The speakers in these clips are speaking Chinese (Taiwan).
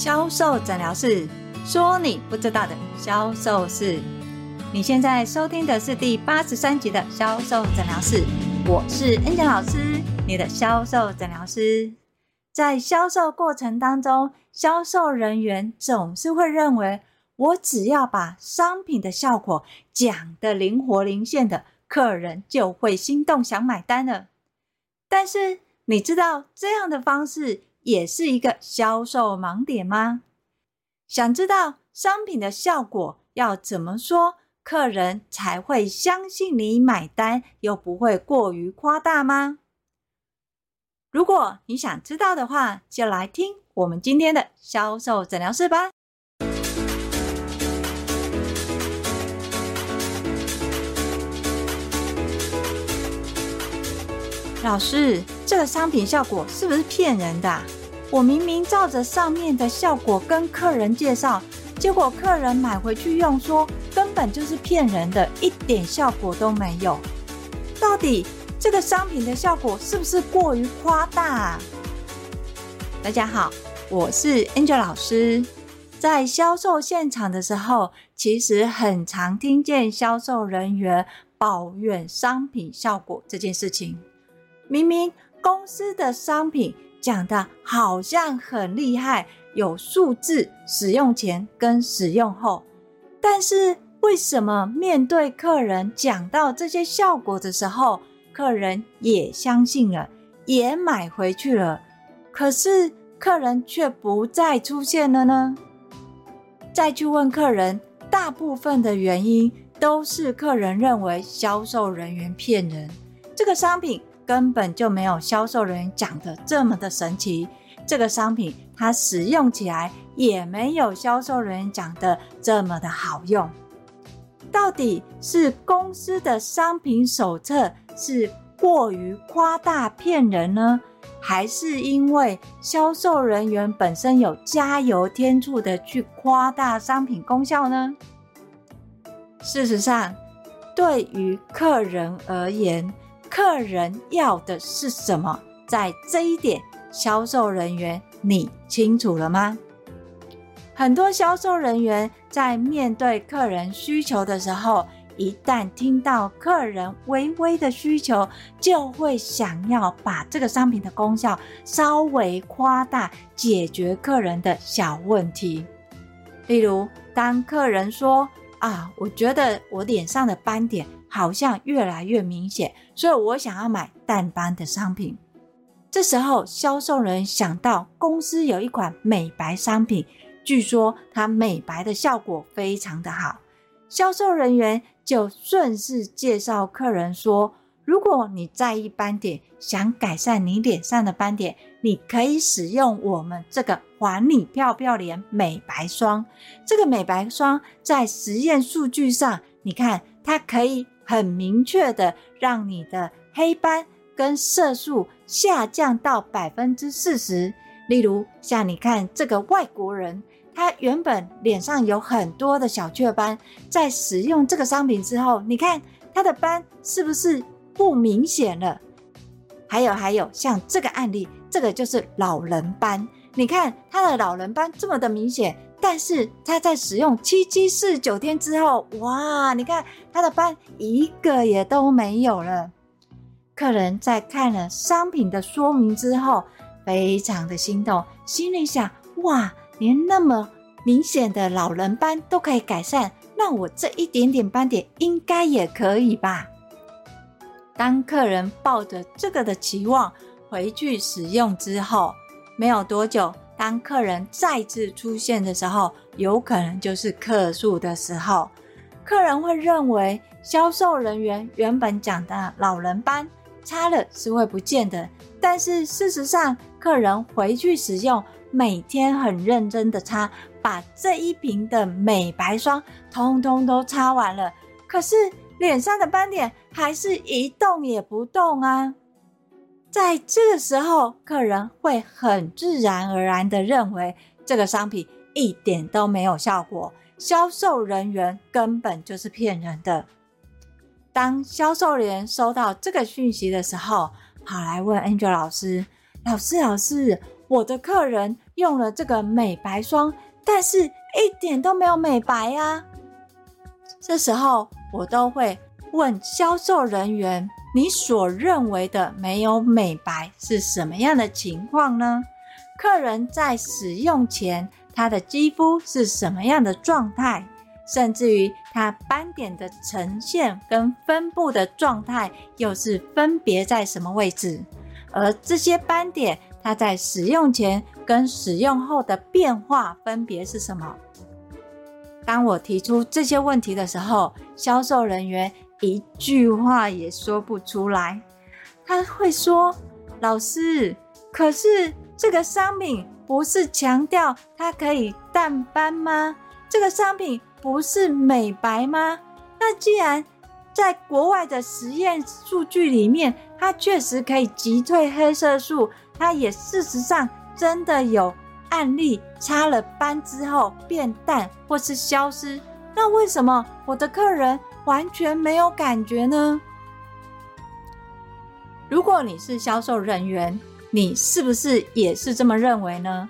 銷售診療室說：“你不知道的銷售室，你現在收聽的是第八十三集的銷售診療室，我是 Angel 老師，你的銷售診療師。在銷售過程當中，銷售人員總是會認為，我只要把商品的效果講得靈活靈現的，客人就會心動想買單了。但是你知道這樣的方式，”也是一個銷售盲點嗎？想知道商品的效果要怎麼說，客人才會相信你買單，又不會過於誇大嗎？如果你想知道的話，就來聽我們今天的銷售診療室吧。老師，這個商品效果是不是騙人的？我明明照着上面的效果跟客人介紹，結果客人買回去用說，根本就是騙人的，一點效果都沒有。到底這個商品的效果是不是過於誇大？大家好，我是 Angel 老師。在銷售現場的時候，其實很常聽見銷售人員抱怨商品效果這件事情。明明公司的商品。講得好像很厲害，有數字使用前跟使用後，但是為什麼面對客人講到這些效果的時候，客人也相信了，也買回去了，可是客人卻不再出現了呢？再去問客人，大部分的原因都是客人認為銷售人員騙人，這個商品。根本就沒有銷售人員講的這麼的神奇，這個商品它使用起來也沒有銷售人員講的這麼的好用。到底是公司的商品手冊是過於誇大騙人呢？還是因為銷售人員本身有加油添醋的去誇大商品功效呢？事實上，對於客人而言，客人要的是什麼？在這一點，銷售人員你清楚了嗎？很多銷售人員在面對客人需求的時候，一旦聽到客人微微的需求，就會想要把這個商品的功效稍微誇大，解決客人的小問題。例如，當客人說：“啊，我覺得我臉上的斑點。”好像越來越明顯，所以我想要買淡斑的商品。這時候，銷售人想到公司有一款美白商品，據說它美白的效果非常的好。銷售人員就順勢介紹客人說：“如果你在意斑點，想改善你臉上的斑點，你可以使用我們這個‘還你漂漂臉美白霜’。這個美白霜在實驗數據上，你看它可以。”很明確的，讓你的黑斑跟色素下降到百分之四十。例如，像你看這個外國人，他原本臉上有很多的小雀斑，在使用這個商品之後，你看他的斑是不是不明顯了？還有還有，像這個案例，這個就是老人斑，你看他的老人斑這麼的明顯。但是他在使用七七四九天之後，哇！你看他的斑一個也都沒有了。客人在看了商品的說明之後，非常的心動，心裡想：哇，連那麼明顯的老人斑都可以改善，那我這一點點斑點應該也可以吧？當客人抱着這個的期望回去使用之後，沒有多久。當客人再次出現的時候，有可能就是客訴的時候。客人會認為銷售人員原本講的“老人斑擦了是會不見的”，但是事實上，客人回去使用，每天很認真地擦，把這一瓶的美白霜通通都擦完了，可是臉上的斑點還是一動也不動啊。在這個時候，客人會很自然而然的認為這個商品一點都沒有效果，銷售人員根本就是騙人的。當銷售人員收到這個訊息的時候，跑來問 Angel 老師：“老師，老師，我的客人用了這個美白霜，但是一點都沒有美白啊！”這時候，我都會問銷售人員。你所認為的沒有美白是什麼樣的情況呢？客人在使用前，他的肌膚是什麼樣的狀態？甚至於，他斑點的呈現跟分布的狀態又是分別在什麼位置？而這些斑點，它在使用前跟使用後的變化分別是什麼？當我提出這些問題的時候，銷售人員。一句話也說不出來，他會說：“老師，可是這個商品不是強調它可以淡斑嗎？這個商品不是美白嗎？那既然在國外的實驗數據裡面，它確實可以擊退黑色素，它也事實上真的有案例，擦了斑之後變淡或是消失，那為什麼我的客人？”完全沒有感覺呢。如果你是銷售人員，你是不是也是這麼認為呢？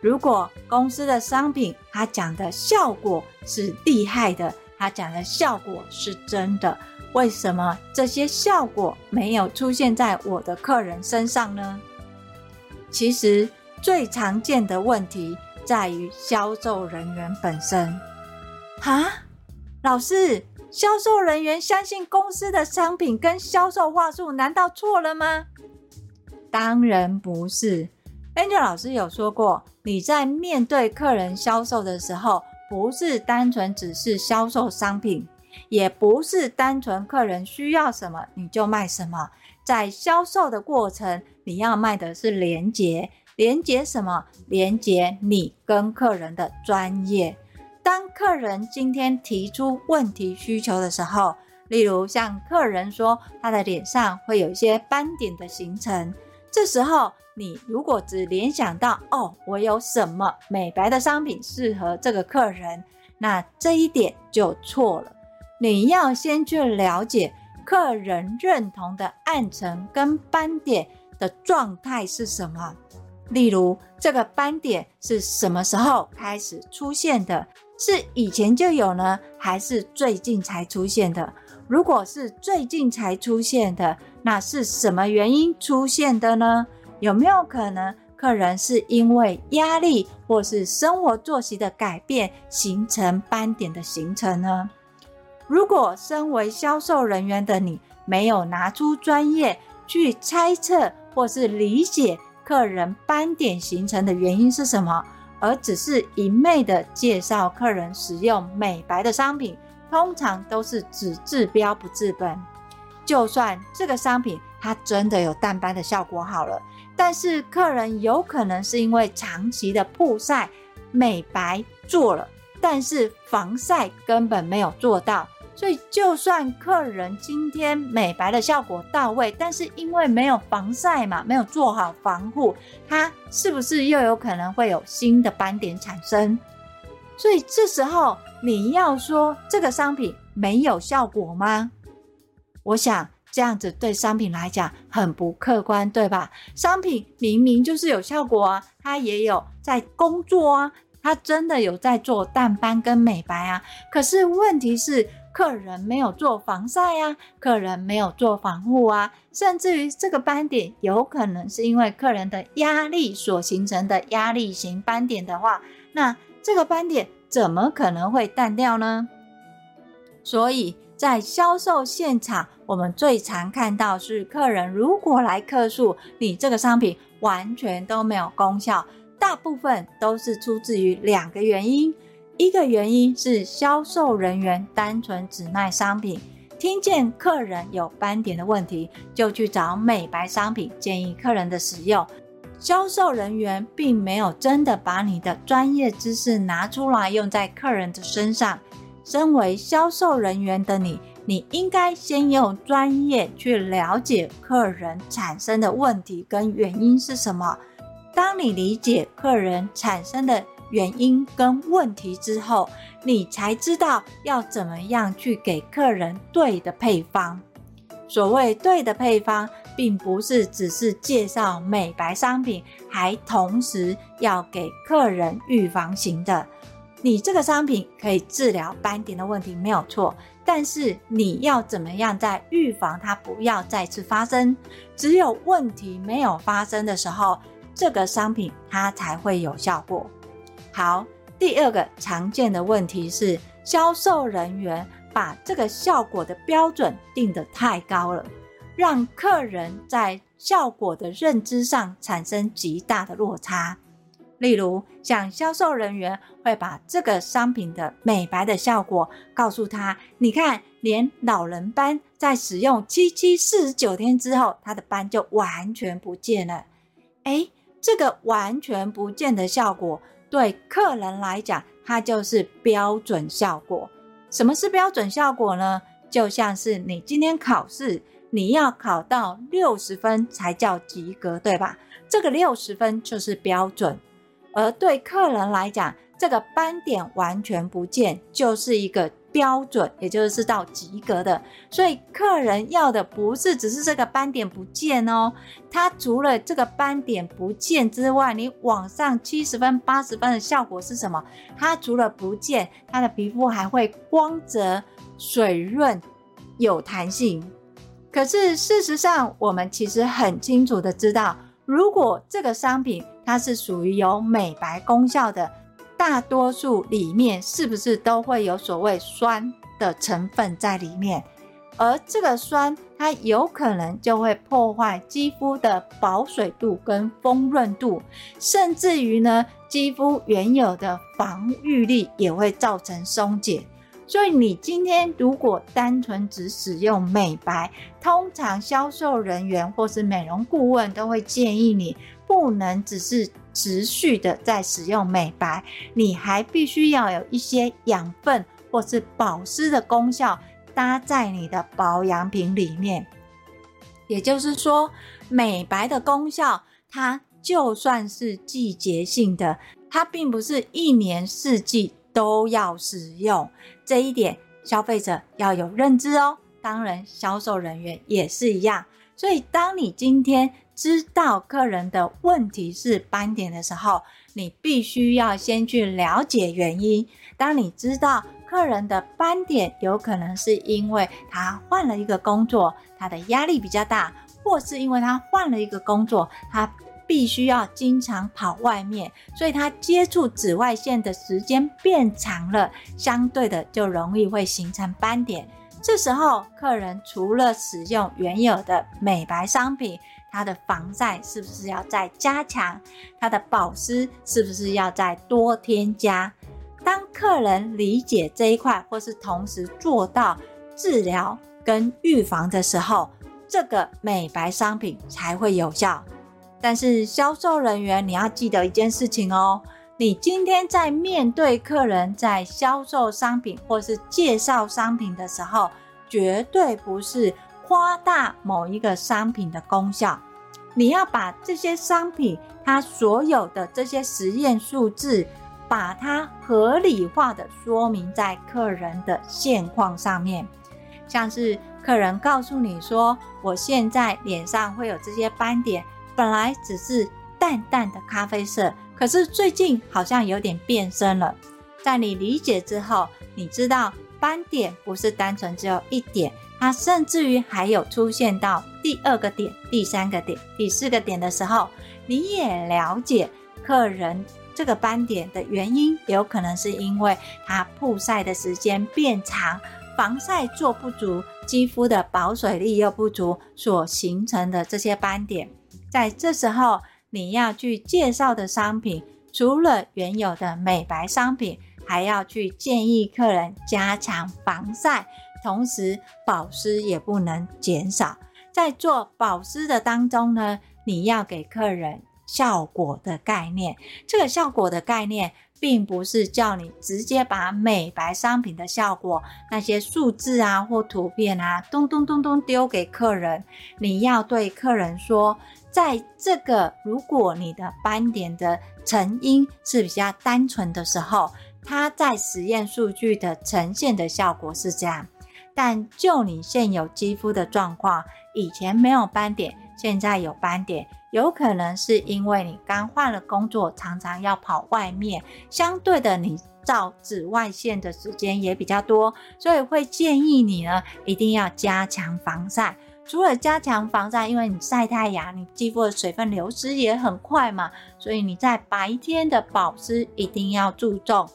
如果公司的商品，他講的效果是厲害的，他講的效果是真的，為什麼這些效果沒有出現在我的客人身上呢？其實最常見的問題在於銷售人員本身。哈、啊，老師。銷售人員相信公司的商品跟銷售話術，難道錯了嗎？當然不是。Angel 老師有說過，你在面對客人銷售的時候，不是單純只是銷售商品，也不是單純客人需要什麼你就賣什麼。在銷售的過程，你要賣的是連接，連接什麼？連接你跟客人的專業。當客人今天提出問題需求的時候，例如像客人說他的臉上會有一些斑點的形成，這時候你如果只聯想到哦，我有什麼美白的商品適合這個客人，那這一點就錯了。你要先去了解客人認同的暗沉跟斑點的狀態是什麼，例如這個斑點是什麼時候開始出現的。是以前就有呢，還是最近才出現的？如果是最近才出現的，那是什麼原因出現的呢？有沒有可能客人是因為壓力或是生活作息的改變形成斑點的形成呢？如果身為銷售人員的你沒有拿出專業去猜測或是理解客人斑點形成的原因是什麼，而只是一昧的介紹客人使用美白的商品，通常都是只治標不治本。就算這個商品它真的有淡斑的效果好了，但是客人有可能是因為長期的曝曬，美白做了，但是防晒根本沒有做到。所以，就算客人今天美白的效果到位，但是因為沒有防曬嘛，沒有做好防護，他是不是又有可能會有新的斑點產生？所以這時候你要說這個商品沒有效果嗎？我想這樣子對商品來講很不客觀，對吧？商品明明就是有效果啊，它也有在工作啊，它真的有在做淡斑跟美白啊。可是問題是。客人沒有做防曬啊，客人沒有做防護啊，甚至於這個斑點有可能是因為客人的壓力所形成的壓力型斑點的話，那這個斑點怎麼可能會淡掉呢？所以在銷售現場，我們最常看到是客人如果來客訴，你這個商品完全都沒有功效，大部分都是出自於兩個原因。一個原因是銷售人員單純只賣商品，聽見客人有斑點的問題，就去找美白商品建議客人的使用。銷售人員並沒有真的把你的專業知識拿出來用在客人的身上。身為銷售人員的你，你應該先用專業去了解客人產生的問題跟原因是什麼。當你理解客人產生的，原因跟問題之後，你才知道要怎麼樣去給客人對的配方。所謂對的配方，並不是只是介紹美白商品，還同時要給客人預防型的。你這個商品可以治療斑點的問題，沒有錯。但是你要怎麼樣在預防它不要再次發生？只有問題沒有發生的時候，這個商品它才會有效果。好，第二個常見的問題是，銷售人員把這個效果的標準定得太高了，讓客人在效果的認知上產生極大的落差。例如，像銷售人員會把這個商品的美白的效果告訴他：“你看，連老人斑在使用七七四十九天之後，他的斑就完全不見了。”誒，這個完全不見的效果。對客人來講，它就是標準效果。什麼是標準效果呢？就像是你今天考試，你要考到六十分才叫及格，對吧？這個六十分就是標準。而對客人來講，這個斑點完全不見，就是一個。標準，也就是到及格的。所以客人要的不是只是這個斑點不見哦，它除了這個斑點不見之外，你往上七十分、八十分的效果是什麼？它除了不見，它的皮膚還會光澤、水潤、有彈性。可是事實上，我們其實很清楚的知道，如果這個商品它是屬於有美白功效的。大多數裡面是不是都會有所謂酸的成分在裡面？而這個酸，它有可能就會破壞肌膚的保水度跟豐潤度，甚至於呢，肌膚原有的防禦力也會造成鬆解。所以你今天如果單純只使用美白，通常銷售人員或是美容顧問都會建議你，不能只是。持續的在使用美白，你還必須要有一些養分或是保濕的功效搭在你的保養品裡面。也就是說，美白的功效它就算是季節性的，它並不是一年四季都要使用。這一點消費者要有認知哦。當然，銷售人員也是一樣。所以，當你今天。知道客人的問題是斑點的時候，你必須要先去了解原因。當你知道客人的斑點有可能是因為他換了一個工作，他的壓力比較大，或是因為他換了一個工作，他必須要經常跑外面，所以他接觸紫外線的時間變長了，相對的就容易會形成斑點。這時候，客人除了使用原有的美白商品，它的防曬是不是要再加強？它的保濕是不是要再多添加？當客人理解這一塊，或是同時做到治療跟預防的時候，這個美白商品才會有效。但是銷售人員，你要記得一件事情哦：你今天在面對客人，在銷售商品或是介紹商品的時候，絕對不是。誇大某一個商品的功效，你要把這些商品它所有的這些實驗數字，把它合理化的說明在客人的現況上面。像是客人告訴你說：“我現在臉上會有這些斑點，本來只是淡淡的咖啡色，可是最近好像有點變深了。”在你理解之後，你知道。斑點不是單純只有一點，它甚至於還有出現到第二個點、第三個點、第四個點的時候，你也了解客人這個斑點的原因，有可能是因為它曝曬的時間變長，防曬做不足，肌膚的保水力又不足所形成的這些斑點。在這時候，你要去介紹的商品，除了原有的美白商品，還要去建議客人加強防曬，同時保濕也不能減少。在做保濕的當中呢，你要給客人效果的概念。這個效果的概念，並不是叫你直接把美白商品的效果那些數字啊或圖片啊，咚咚咚咚丟給客人。你要對客人說，在這個如果你的斑點的成因是比較單純的時候，它在實驗數據的呈現的效果是這樣，但就你現有肌膚的狀況，以前沒有斑點，現在有斑點，有可能是因為你剛換了工作，常常要跑外面，相對的你照紫外線的時間也比較多，所以會建議你呢，一定要加強防曬。除了加強防曬，因為你曬太陽，你肌膚的水分流失也很快嘛，所以你在白天的保濕一定要注重。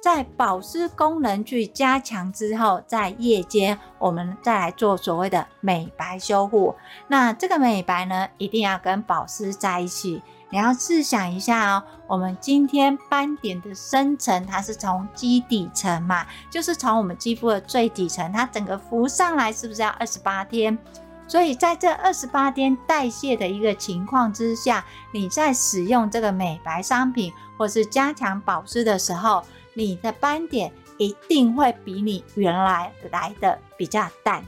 在保濕功能去加強之後，在夜間我們再來做所謂的美白修護。那這個美白呢，一定要跟保濕在一起。你要試想一下哦、喔，我們今天斑點的生成，它是從基底層嘛，就是從我們肌膚的最底層，它整個浮上來是不是要二十八天？所以在這二十八天代謝的一個情況之下，你在使用這個美白商品或是加強保濕的時候。你的斑點一定會比你原來來得比較淡，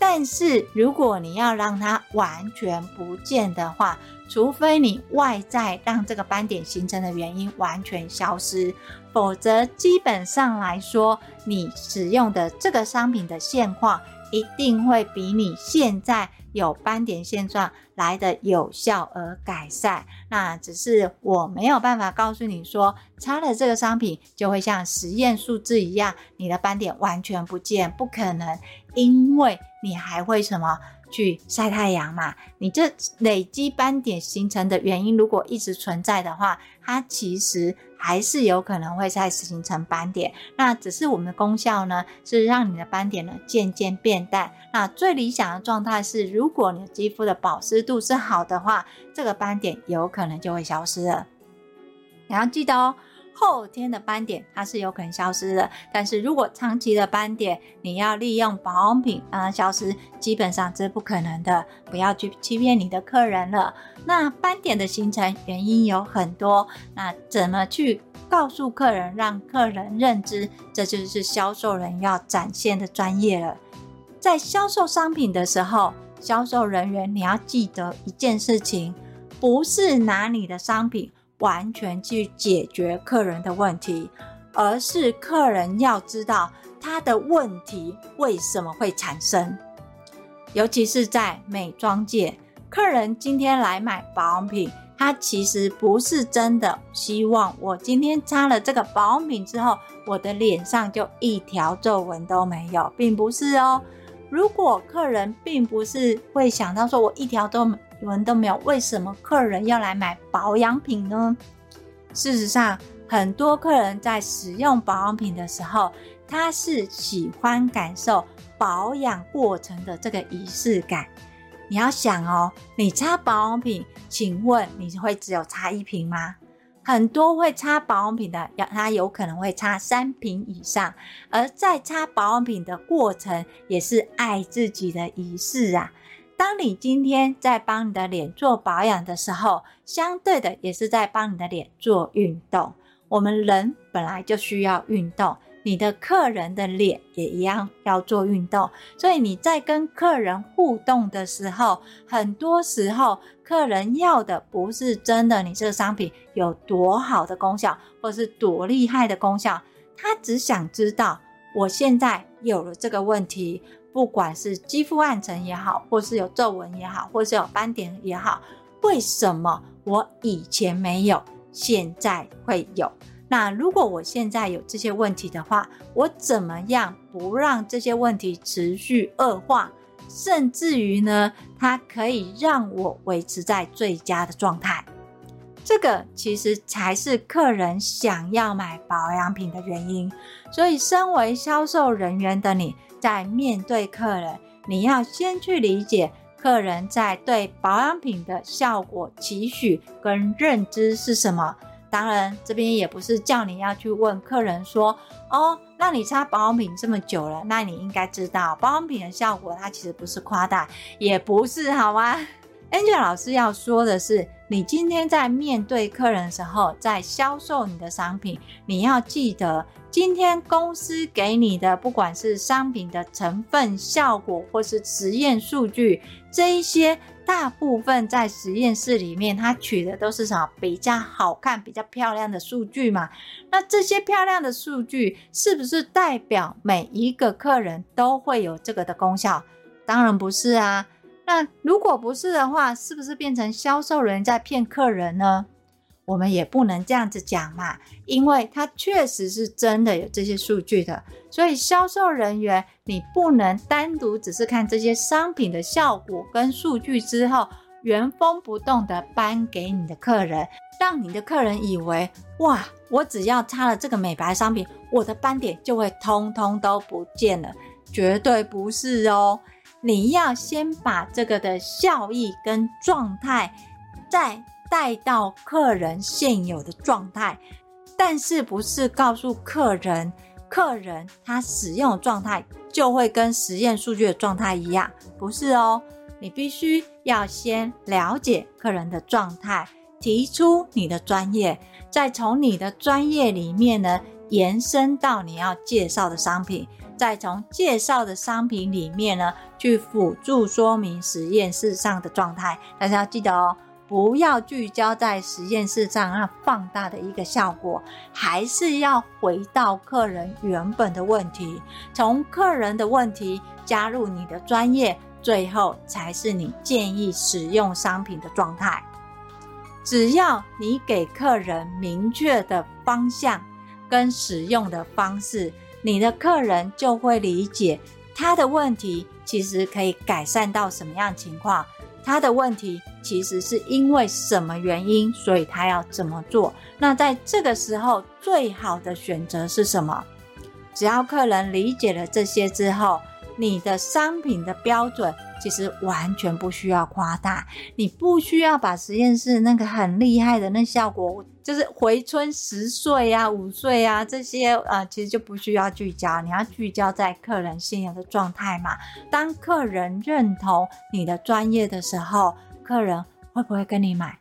但是如果你要讓它完全不見的話，除非你外在讓這個斑點形成的原因完全消失，否則基本上來說，你使用的這個商品的現況一定會比你現在。有斑點現狀來的有效而改善，那只是我沒有辦法告訴你說，擦了這個商品就會像實驗數字一樣，你的斑點完全不見，不可能，因為你還會什麼去曬太陽嘛？你這累積斑點形成的原因如果一直存在的話，它其實。還是有可能會再次形成斑點，那只是我們的功效呢，是讓你的斑點呢漸漸變淡。那最理想的狀態是，如果你的肌膚的保濕度是好的話，這個斑點有可能就會消失了。你要記得哦。後天的斑點它是有可能消失的，但是如果長期的斑點，你要利用保養品讓它消失，基本上是不可能的。不要去欺騙你的客人了。那斑點的形成原因有很多，那怎麼去告訴客人，讓客人認知，這就是銷售人要展現的專業了。在銷售商品的時候，銷售人員你要記得一件事情，不是拿你的商品。完全去解決客人的問題，而是客人要知道他的問題為什麼會產生。尤其是在美妝界，客人今天來買保養品，他其實不是真的希望我今天擦了這個保養品之後，我的臉上就一條皺紋都沒有，並不是哦、喔。如果客人並不是會想到說，我一條都沒。你們都沒有，為什麼客人要來買保養品呢？事實上，很多客人在使用保養品的時候，他是喜歡感受保養過程的這個儀式感。你要想哦，你擦保養品，請問你會只有擦一瓶嗎？很多會擦保養品的，要他有可能會擦三瓶以上，而在擦保養品的過程，也是愛自己的儀式啊。當你今天在幫你的臉做保養的時候，相對的也是在幫你的臉做運動。我們人本來就需要運動，你的客人的臉也一樣要做運動。所以你在跟客人互動的時候，很多時候客人要的不是真的你這個商品有多好的功效，或是多厲害的功效，他只想知道我現在有了這個問題。不管是肌膚暗沉也好，或是有皺紋也好，或是有斑點也好，為什麼我以前沒有，現在會有？那如果我現在有這些問題的話，我怎麼樣不讓這些問題持續惡化，甚至於呢，它可以讓我維持在最佳的狀態？這個其實才是客人想要買保養品的原因。所以，身為銷售人員的你，在面對客人，你要先去理解客人在對保養品的效果期許跟認知是什麼。當然，這邊也不是叫你要去問客人說：“哦，那你擦保養品這麼久了，那你應該知道保養品的效果，它其實不是誇大，也不是好嗎？” Angel 老師要說的是，你今天在面對客人的時候，在銷售你的商品，你要記得，今天公司給你的，不管是商品的成分、效果，或是實驗數據，這一些大部分在實驗室裡面，它取的都是什麼？比較好看、比較漂亮的數據嘛？那這些漂亮的數據，是不是代表每一個客人都會有這個的功效？當然不是啊。那如果不是的話，是不是變成銷售人員在騙客人呢？我們也不能這樣子講嘛，因為他確實是真的有這些數據的。所以銷售人員，你不能單獨只是看這些商品的效果跟數據之後，原封不動的搬給你的客人，讓你的客人以為，哇，我只要擦了這個美白商品，我的斑點就會通通都不見了，絕對不是哦。你要先把這個的效益跟狀態，再帶到客人現有的狀態，但是不是告訴客人，客人他使用狀態就會跟實驗數據的狀態一樣？不是哦，你必須要先了解客人的狀態，提出你的專業，再從你的專業裡面呢延伸，到你要介紹的商品。再從介紹的商品裡面呢，去輔助說明實驗室上的狀態。大家要記得哦，不要聚焦在實驗室上，那放大的一個效果，還是要回到客人原本的問題。從客人的問題加入你的專業，最後才是你建議使用商品的狀態。只要你給客人明確的方向跟使用的方式，你的客人就會理解他的問題其實可以改善到什麼樣情況，他的問題其實是因為什麼原因，所以他要怎麼做？那在這個時候，最好的選擇是什麼？只要客人理解了這些之後，你的商品的標準其實完全不需要誇大，你不需要把實驗室那個很厲害的那效果。就是回春十歲啊、五歲啊，這些，呃，其實就不需要聚焦，你要聚焦在客人現有的狀態嘛。當客人認同你的專業的時候，客人會不會跟你買？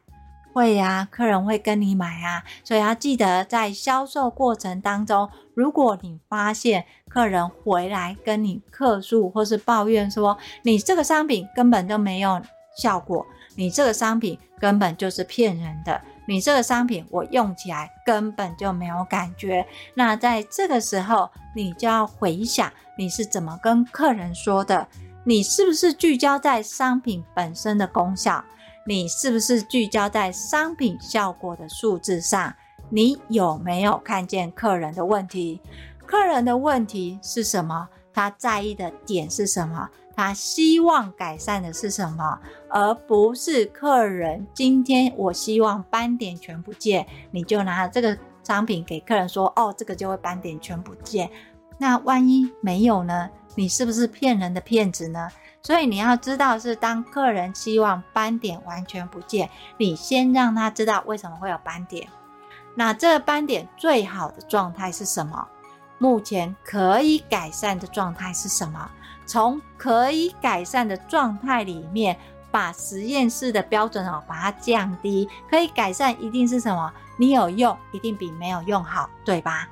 會呀、啊，客人會跟你買啊。所以要記得在銷售過程當中，如果你發現客人回來跟你客訴或是抱怨說你這個商品，根本都沒有效果，你這個商品根本就是騙人的。你這個商品我用起來根本就沒有感覺。那在這個時候，你就要回想你是怎麼跟客人說的，你是不是聚焦在商品本身的功效，你是不是聚焦在商品效果的數字上，你有沒有看見客人的問題？客人的問題是什麼？他在意的點是什麼？他希望改善的是什麼，而不是客人。今天我希望斑點全不見，你就拿這個商品給客人說，哦，這個就會斑點全不見。那萬一沒有呢？你是不是騙人的騙子呢？所以你要知道是，是當客人希望斑點完全不見，你先讓他知道為什麼會有斑點。那這個斑點最好的狀態是什麼？目前可以改善的狀態是什麼？從可以改善的狀態裡面，把實驗室的標準哦，把它降低，可以改善，一定是什麼？你有用，一定比沒有用好，對吧？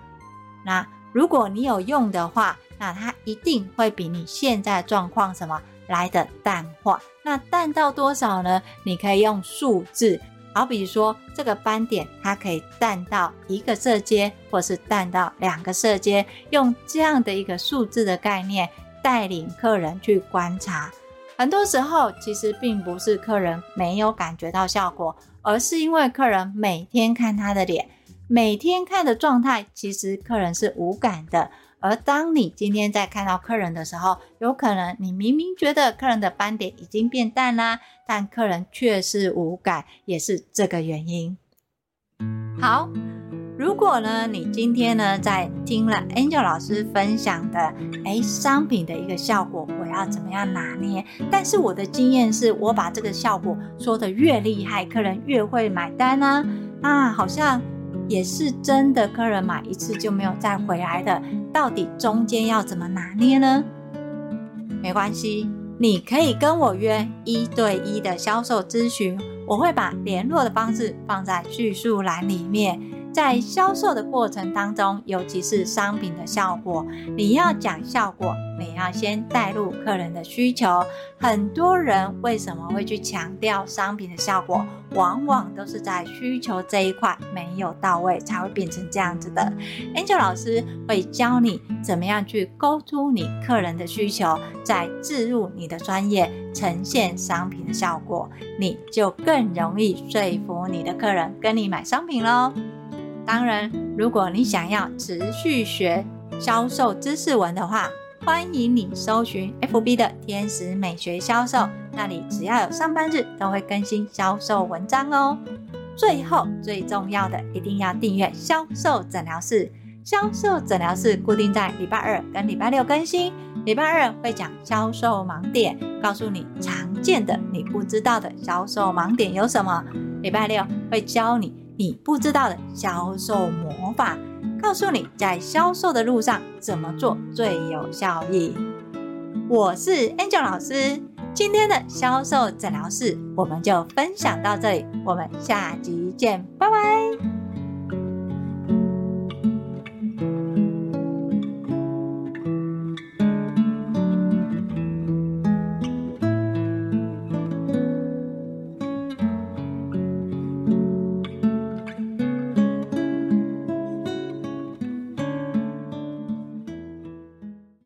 那如果你有用的話，那它一定會比你現在狀況什麼來得淡化。那淡到多少呢？你可以用數字，好，比如說這個斑點，它可以淡到一個色階，或是淡到兩個色階，用這樣的一個數字的概念。帶領客人去觀察，很多時候其實並不是客人沒有感覺到效果，而是因為客人每天看他的臉，每天看的狀態，其實客人是無感的。而當你今天在看到客人的時候，有可能你明明覺得客人的斑點已經變淡啦，但客人卻是無感，也是這個原因。好。如果呢，你今天呢，在聽了 Angel 老師分享的哎商品的一個效果，我要怎麼樣拿捏？但是我的經驗是，我把這個效果說得越厲害，客人越會買單呢、啊。啊！好像也是真的，客人買一次就沒有再回來的。到底中間要怎麼拿捏呢？沒關係，你可以跟我約一對一的銷售諮詢，我會把聯絡的方式放在敘述欄裡面。在銷售的過程當中，尤其是商品的效果，你要講效果，你要先帶入客人的需求。很多人為什麼會去強調商品的效果，往往都是在需求這一塊沒有到位，才會變成這樣子的。Angel 老師會教你怎麼樣去勾出你客人的需求，再置入你的專業，呈現商品的效果，你就更容易說服你的客人跟你買商品嘍。當然，如果你想要持續學銷售知識文的話，歡迎你搜尋 FB 的天使美學銷售，那裡只要有上班日都會更新銷售文章哦。最後最重要的，一定要訂閱銷售診療室。銷售診療室固定在禮拜二跟禮拜六更新，禮拜二會講銷售盲點，告訴你常見的你不知道的銷售盲點有什麼，禮拜六會教你，你不知道的銷售魔法，告訴你在銷售的路上怎麼做最有效益。我是 Angel 老師，今天的銷售診療室我們就分享到這裡，我們下集見，拜拜。